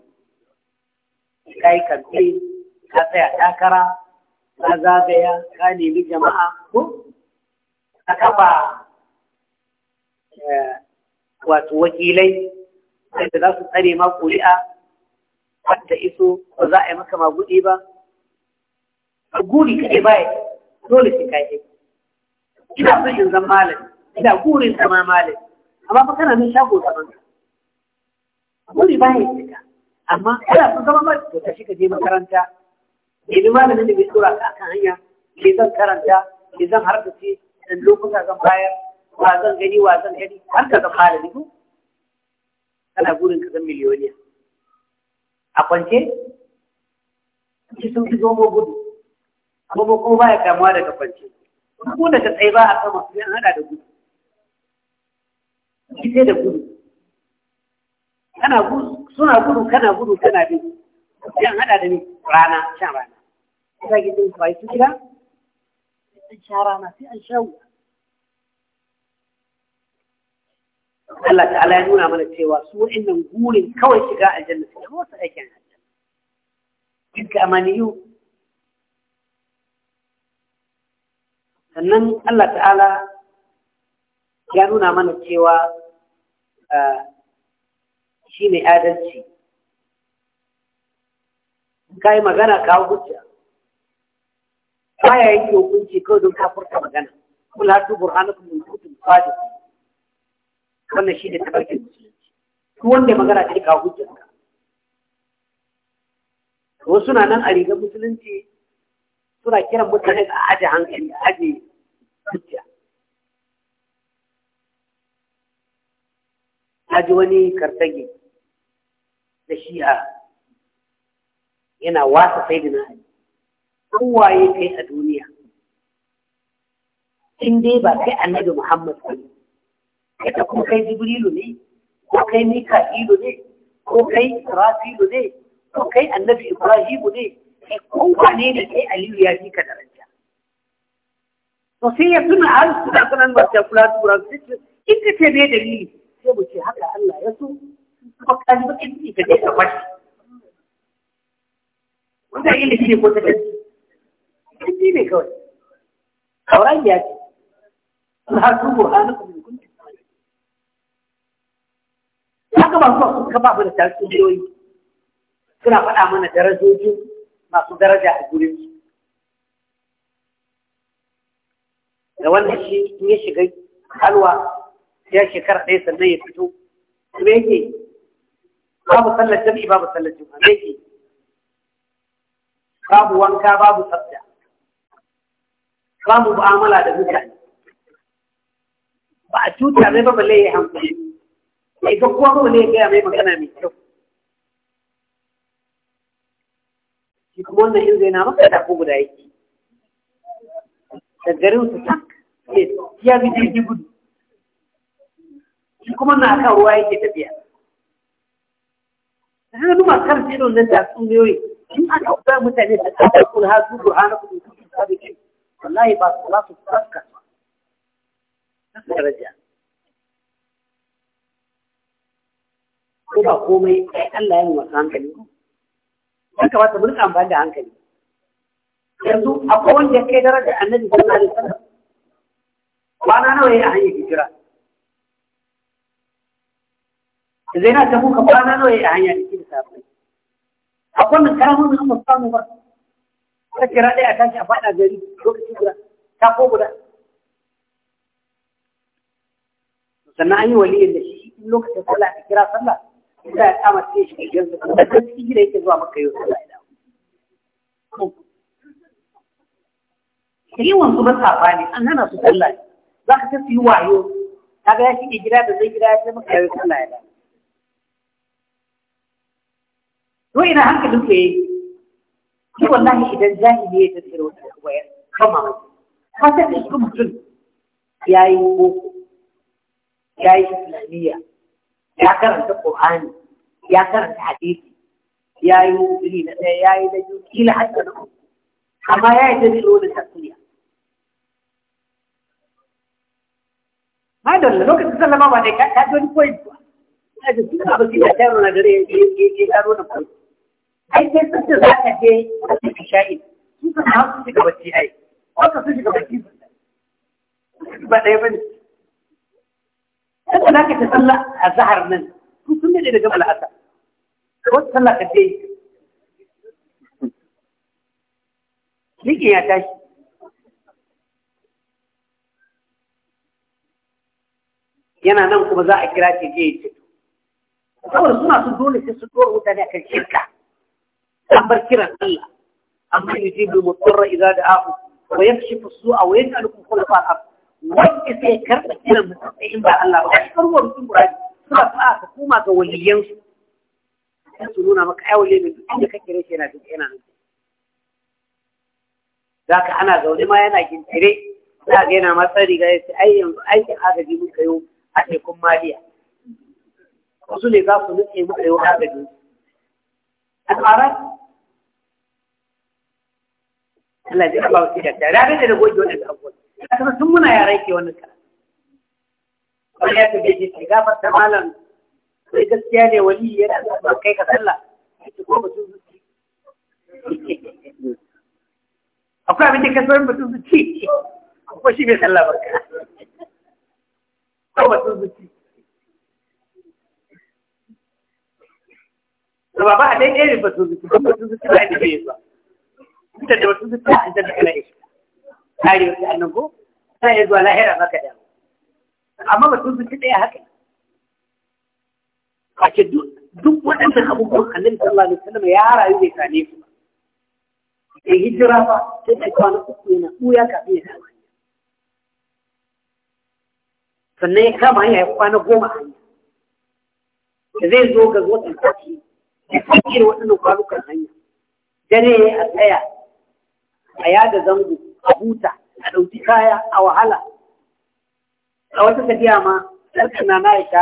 ka yi kamfe ka tsaya takara ka zagaya ka nemi jama'a ko ka kafa eh, wato wakilai da za su tsare ma kuri'a wadda iso ba za a yi maka magudi ba a guri kaɗai baya dole sai ka yi ina son in zan malami ina gurin zama malami amma fa kana nan shago zaman ka guri baya cika amma kana son zama malami to tashi ka je makaranta nemi malamin da bai tsora ka akan hanya ke zan karanta ke zan harka ce dan lokuta zan bayar wa zan gani wa zan gani har ka zama malami ko kana gurin ka zan miliyoniya a kwance ki sun fi zomo gudu kuma kuma ba ya kamuwa daga kwanci ko da ta tsaye ba a sama su an hada da gudu sai da gudu kana gudu suna gudu kana gudu kana bi yan an hada da ni rana shan rana sai ga din kwai su gida sai sha rana sai an sha Allah ta'ala ya nuna mana cewa su wa'annan gurin kawai shiga aljanna sai wasu aikin aljanna duk amaniyu sannan Allah ta'ala ya nuna mana cewa shi ne adalci ka yi magana kawo hujja ya yi hukunci kawai don kafurta magana kula hatu burhanukum min kuntum fadi wannan shi ne tabarkin musulunci ku wanda magana ta yi kawo hujja wasu na nan a rigar musulunci suna kiran mutane a aji hankali a aji zuciya aji wani kartage da shi'a yana wasa sai da na'ari kowaye kai a duniya in dai ba kai annabi muhammad ne kai kuma kai jibrilu ne ko kai mika'ilu ne ko kai rafilu ne ko kai annabi ibrahimu ne kowane da kai aliyu ya fi ka daraja to sai ya tuna har da sanan ba ta kula tura su ce in ka ce bai dalili sai mu ce haka Allah ya so kuma kalbakin ji ka je ka fashi wanda ilimi ne ko ta gaske ji ne kawai auren ya ce Allah su burhanukum in kuntum haka ba su ka ba mu da tasirin suna faɗa mana darajojin masu daraja a gurin su da wannan shi in ya shiga halwa ya shekara ɗaya sannan ya fito kuma yake babu sallar jami'i babu sallar juma'a me yake babu wanka babu tsafta babu mu'amala da mutane ba a cuta mai ba balle ya hankali ne ga kowa ne ya gaya mai magana mai kyau kuma wannan in zai na maka da ko guda yake da garin su tak ya bi jirgin gudu shi kuma na kan ruwa yake tafiya da hannun makar jirin nan da sun biyoyi in aka kuka mutane da tsakar kun har su burhana kudin kudin sabikin wallahi ba su za su fuskar ba daraja ko ba komai ai Allah ya yi mu hankali ko ya kamata mun amfani da hankali yanzu akwai wanda ya kai darajar annabi sallallahu alaihi wasallam kwana nawa yi a hanyar hijira zai na ta kuka kwana nawa yi a hanyar sa sabai akwai mai karamin mun amma samu ba ta kira ɗaya a tashi a faɗa gari lokaci guda ta ko guda sannan an yi waliyin da shi lokacin sallah a kira sallah za a kama sai shi gidan su kuma da cikin gida yake zuwa maka yau sallah ila yawan su ba saba ne an hana su sallah za ka ta yi wayo kaga ya ke gida da zai gida ya ce maka yau sallah ila to ina hankalin ku yayi shi wallahi idan jahili ya tafi wata wayar kama ka ta da shi mutum ya yi yayi ya yi islamiyya ya karanta Qur'ani يا كرم حديثي يا يوبلين يا يوبلين إلى حتى نقوم كما يعتدلون التقنية هذا اللي نوكي تسلى ما بعد كان كان دوني كويس هذا اللي كان دوني كويس أي كيس تسلى ذاك جاي وتسلى شايد كيف تسلى ذاك جاي وتسلى ذاك جاي بعد يا بني أنت لك تسلى الزهر منه كنت سمي لي قبل الأسر wata sallah ta ce liƙin ya tashi yana nan kuma za a kira ce je ce saboda suna su dole sai su dora mutane a kan shirka an bar kiran Allah amma yujibu mutarra idza da'ahu wa yakshifu a wayan yaj'alukum khulafa al-ard wanda sai karɓa kiran mutum in ba Allah ba shi karuwar mutum suna fa'a ka kuma ga waliyansu sai su nuna maka ai wale ne duk inda kake rashi yana duk yana nan zaka ana zaune ma yana gintire za ga yana matsa riga ya ce ai yanzu aikin agaji muka yi a tekun maliya wasu ne za su nutse muka yi agaji a tsara Allah zai ba wasu da tare da goge wannan abubuwan kasar sun muna yaran ke wannan kara wani ya fi gaji ta gafar ta sai gaskiya ne yi yana zama kai ka sallah ko mutum zuci akwai abin da ka san mutum zuci akwai shi mai tsalla ba ko mutum zuci da ba ba a dai irin mutum zuci ba mutum zuci ba a bai yi ba ita da mutum zuci a inda kana ishi tarihi wasu annan ko sai ya zuwa lahira maka da amma mutum zuci ɗaya haka ake duk waɗannan abubuwan annabi sallallahu alaihi wasallam ya rayu bai kane su ba ya hijira ba sai da kwana uku yana ɓuya kafin ya kama sannan ya kama hanya ya kwana goma hanya da zai zo ga zuwa tsarki ya tsakiyar waɗannan kwanukan hanya dare ya a tsaya a yada zango a huta a ɗauki kaya a wahala a wata tafiya ma ɗarka na na ya sha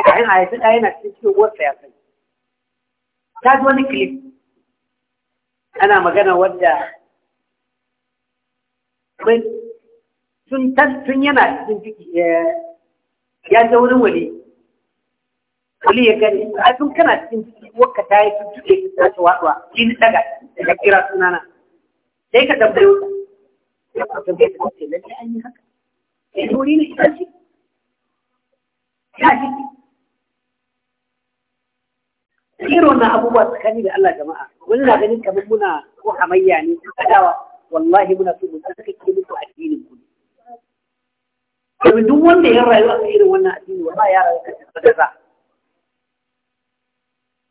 kayan a yafi ɗaya yana cikin cikin wasa ya sani ta ji wani clip ana magana wadda tun yana cikin ciki eh, ya ta wurin wani wali ya gani a sun kana cikin ciki wakka ta yi tun tuttuɗe ta ta watsuwa jini daga daga kira sunana sai ka tambayo ta ya ka tambaye ta ce lalle an yi haka ya eh, wuri ne ita ce ya ciki irin wannan abubuwa tsakani da Allah jama'a wani na ganin kamar muna ko hamayya ne ko kadawa wallahi muna so mu tsaka ke muku addinin ku duk wanda ya rayu a irin wannan addini wallahi ya rayu kan sadaza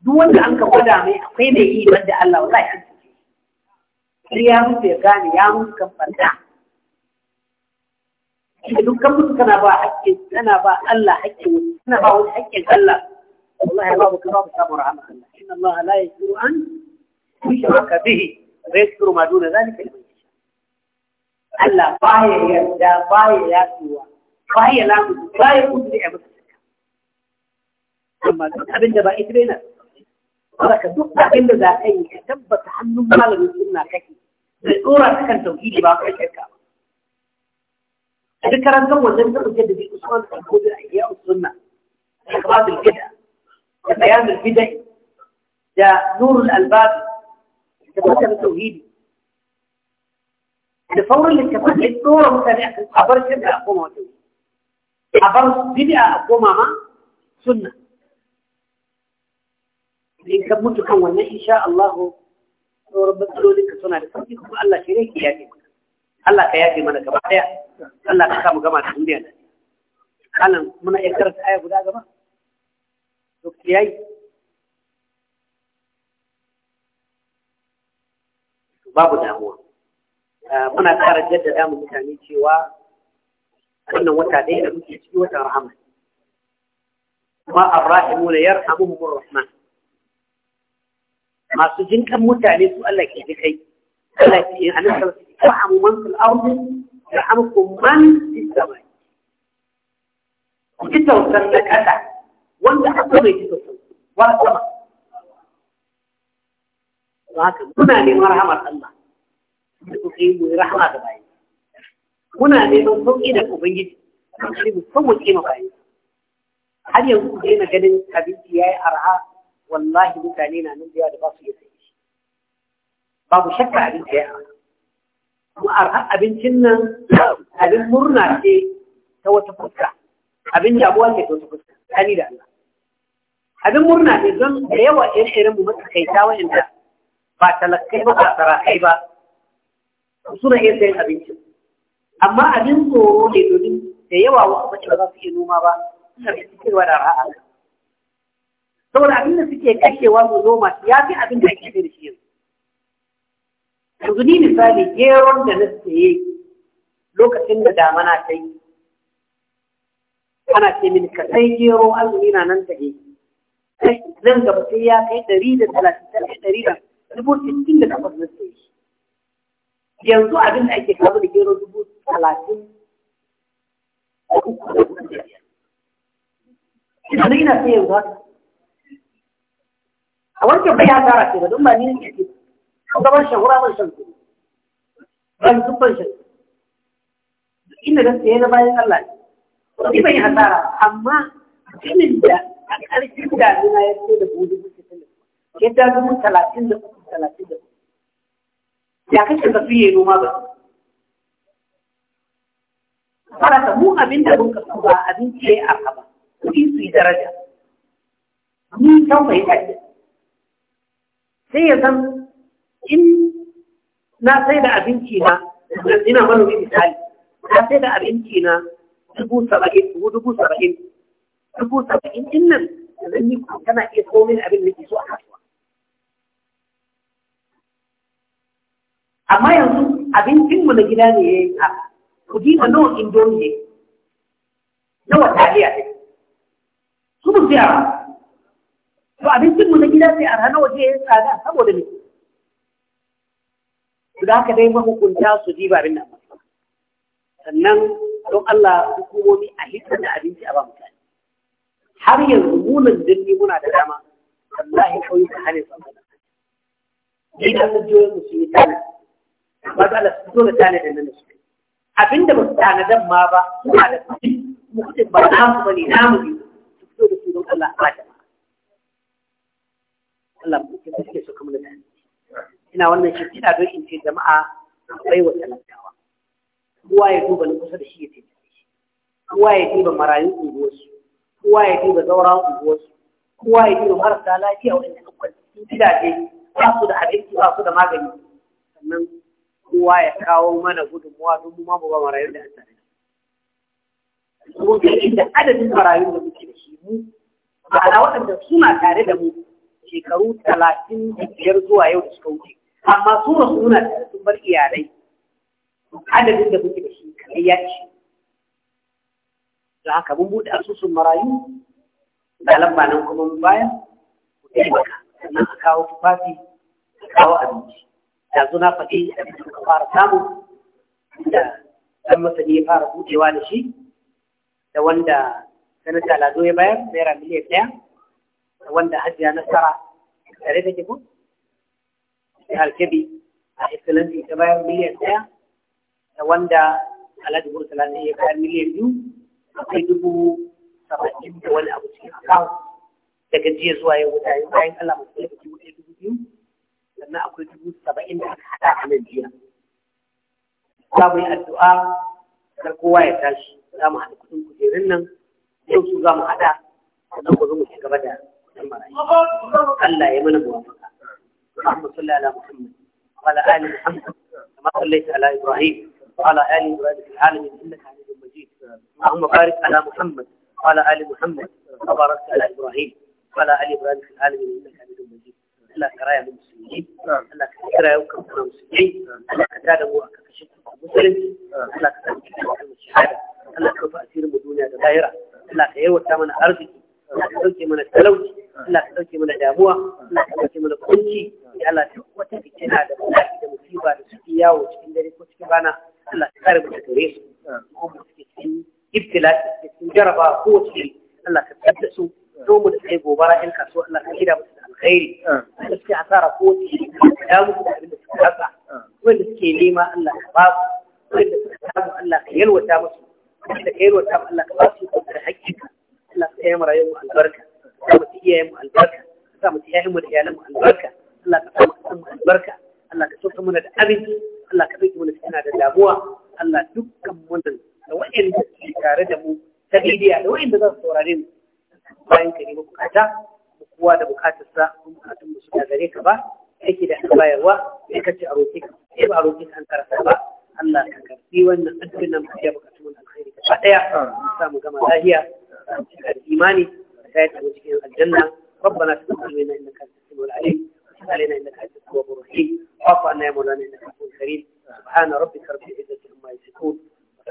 duk wanda an ka gwada mai akwai mai yi da Allah wallahi an ce har ya mutu ya gane ya mutu kan banda kan mutu kana ba hakkin kana ba Allah hakkin kana ba wani hakkin Allah والله الله كباب السبع رحمه الله إن الله لا يجبر أن يشرك به ويذكر ما دون ذلك لمن يشاء ألا باية يرجع باية يأتوا باية لا تجد باية كنت لعبة أما أبن دبا إترينا ولك دوك أبن دبا أي كتب تحنم مالا يسلنا كتب بالأورا تكن توحيدي باقي الشركة ذكر أنتم وزنزل جد في أسوان الخبود أيها السنة إخراج الجدع البيان البدعي ده نور الألباب التفكير التوحيدي ده فور التفكير الدورة متابعة عبر شبه أقوم وتوحيد عبر بدعة أقوم ما سنة إن كمت كون إن شاء الله رب تقول لك سنة لفرقك الله شريك ياتي الله كياتي منك بعدها الله كما كما تقولين أنا من أكثر آية قد أجمع que hay. babu damuwa ah, muna ƙara jaddada mu mutane cewa wannan wata ɗaya da muke ciki wata rahama kuma arrahimu ne yarhamuhumur rahman masu jinkan mutane su Allah ke ji kai Allah ke yin annabi sallallahu alaihi wasallam man fil da yarhamukum man fi zama. ku ji tausan na kasa wanda aka mai ji sosai wa sama haka muna neman rahamar Allah da ku kai mu rahama da bayi muna neman sauki da ubangiji kan kai mu san mu kima bayi har yanzu ku daina ganin abinci ya yi arha wallahi mutane na nan da da ba su yi sai babu shakka abinci yayi arha kuma arha abincin nan abin murna ce ta wata fuska abin jabuwa ce ta wata fuska kani da Allah abin murna ne don da yawa ɗin irin mu matsakaita wa'anda ba talakai ba ba kai ba suna iya sayan abinci amma abin tsoro ne domin da yawa wasu mace ba za su iya noma ba suna da cikewa da ra'a saboda abin da suke kashewa mu noma ya fi abin da ake da shi yanzu yanzu ni misali geron da na saye lokacin da damana ta yi ana ce mini ka sai gero azumi na nan ta yi kai nan gaba ya kai ɗari da talatin talatin ɗari da dubu sittin da takwas na sai yanzu abin da ake kawo da gero dubu talatin da uku ina ina sai yanzu haka a wancan bai ya tara ce ba don ba ni ne ke gaban shahura ban shan kuɗi ban dubban shan inda gaskiya na bayan Allah ne. Wani bai hasara amma mutumin da arzikin ƙarfin damina ya ce da buɗe suke ta nufi ya ta dubu talatin da uku talatin da uku ya kashe ka fiye noma ba fara ta mu abin da mun kasu ba abinci ya yi arha ba kuɗi su yi daraja ni kan fahimta ce sai ya san in na sai da abinci na ina manomi misali na sai da abinci na dubu saba'in dubu saba'in dubu saba'in din nan da zan yi kuma tana iya kawo min abin da ke so a kasuwa. Amma yanzu abincinmu na gida ne ya yi tsaka, ku ji nawa indomi ne, nawa taliya ne, su mu siya ba. To abincinmu na gida sai a rana waje ya yi tsada saboda ne. Za ka dai mahukunta su ji ba abin nan. Sannan don Allah hukumomi a hitar da abinci a ba mutum. حري الرجول الذنبون على دعما الله حوية حالي صمنا جيدا الجوية المسلمين تاني ماذا على السجون تاني عند المسلمين أبين دم التانى دم مابا سمع لكم مختب برحام صمني نامني سكتور رسولون الله ما جمع الله ممكن تشكي سكم لنا هنا وانا شكينا دوشن في جماعة ويوة الدعوة هو يدوب نفسه بشيء في هو يدوب مرايوك وغوشه kowa ya duba zauran unguwarsu kowa ya duba marasa lafiya wani ka kwanci cikin gidaje ba su da abinci ba su da magani sannan kowa ya kawo mana gudunmuwa don mu ma ba da an tare mun kai inda adadin marayun da muke da shi mu ma'ana waɗanda suna tare da mu shekaru talatin da biyar zuwa yau da suka wuce amma su rasu suna da sun bar iyalai adadin da muke da shi ya ce da haka mun buɗe asusun marayu da lamba nan kuma mun bayar ku taimaka sannan a kawo tufafi a kawo abinci yanzu na faɗi da da ka fara samu da ɗan masani ya fara buɗewa da shi da wanda sanata lado ya bayar naira miliyan ɗaya da wanda hajiya nasara tare da ke da alkebi a Isilanti ta bayar miliyan ɗaya da wanda alhaji burtala ne ya bayar miliyan biyu akwai dubu saba'in da wani abu cikin account daga jiya zuwa yau wata yau bayan Allah mu kula da dubu ɗaya dubu biyu sannan akwai dubu saba'in da aka haɗa a nan jiya za mu yi addu'a kar kowa ya tashi za mu haɗa kuɗin kujerun nan yau su za mu haɗa sannan ku zo mu ci gaba da marayu Allah ya mana muwafaka اللهم صل على محمد وعلى ال محمد كما صليت على ابراهيم وعلى ال ابراهيم في العالمين انك اللهم بارك على محمد وعلى ال محمد وبارك على ابراهيم وعلى ال ابراهيم في العالمين انك حميد مجيد الله كرايا من المسلمين الله كرايا وكم كنا مسلمين الله كتاب وكشف المسلم الله كتاب وكم الشهاده الا كفى اسير الدنيا دائره الله كيوتا من ارزقي الا كدوكي من التلوث الله كدوكي من الدابوة الله كدوكي من الكنشي الله كدوكي من الا الله كدوكي من مصيبة وشكي ياو وشكي داري كدوكي بانا الله كدوكي من التريس ibtila'i sun jaraba ko wace Allah ka tsada su zo mu da kai gobara in kaso Allah ka gida musu da alkhairi da suke asara ko wace ka da musu da abin da suka rasa wanda suke nema Allah ka ba su wanda suka samu Allah ka yalwata musu wanda ka yalwata mu Allah ka ba su da hakika Allah ka yi mu rayuwar albarka ka mu iyayen mu albarka ka mu iyayen mu da iyalan mu albarka Allah ka samu kasan mu albarka Allah ka sauka mana da abinci Allah ka mana da damuwa Allah dukkan da waɗanda ke tare da mu ta bidiya da waɗanda za su saurare mu bayan ka ne bukata kowa da bukatarsa kuma bukatun mu suka gare ka ba yake da bayarwa sai ka ce a roƙe ka sai ba a roƙe ka karasa ba Allah ka karbi wannan addu'an nan ka ya bukatu wannan alkhairi gaba daya mu samu gama lafiya da imani da ya cikin aljanna ربنا تقبل منا انك انت السميع العليم وتب علينا انك انت التواب الرحيم واعف عنا يا مولانا انك انت الكريم سبحان ربك رب العزه عما يصفون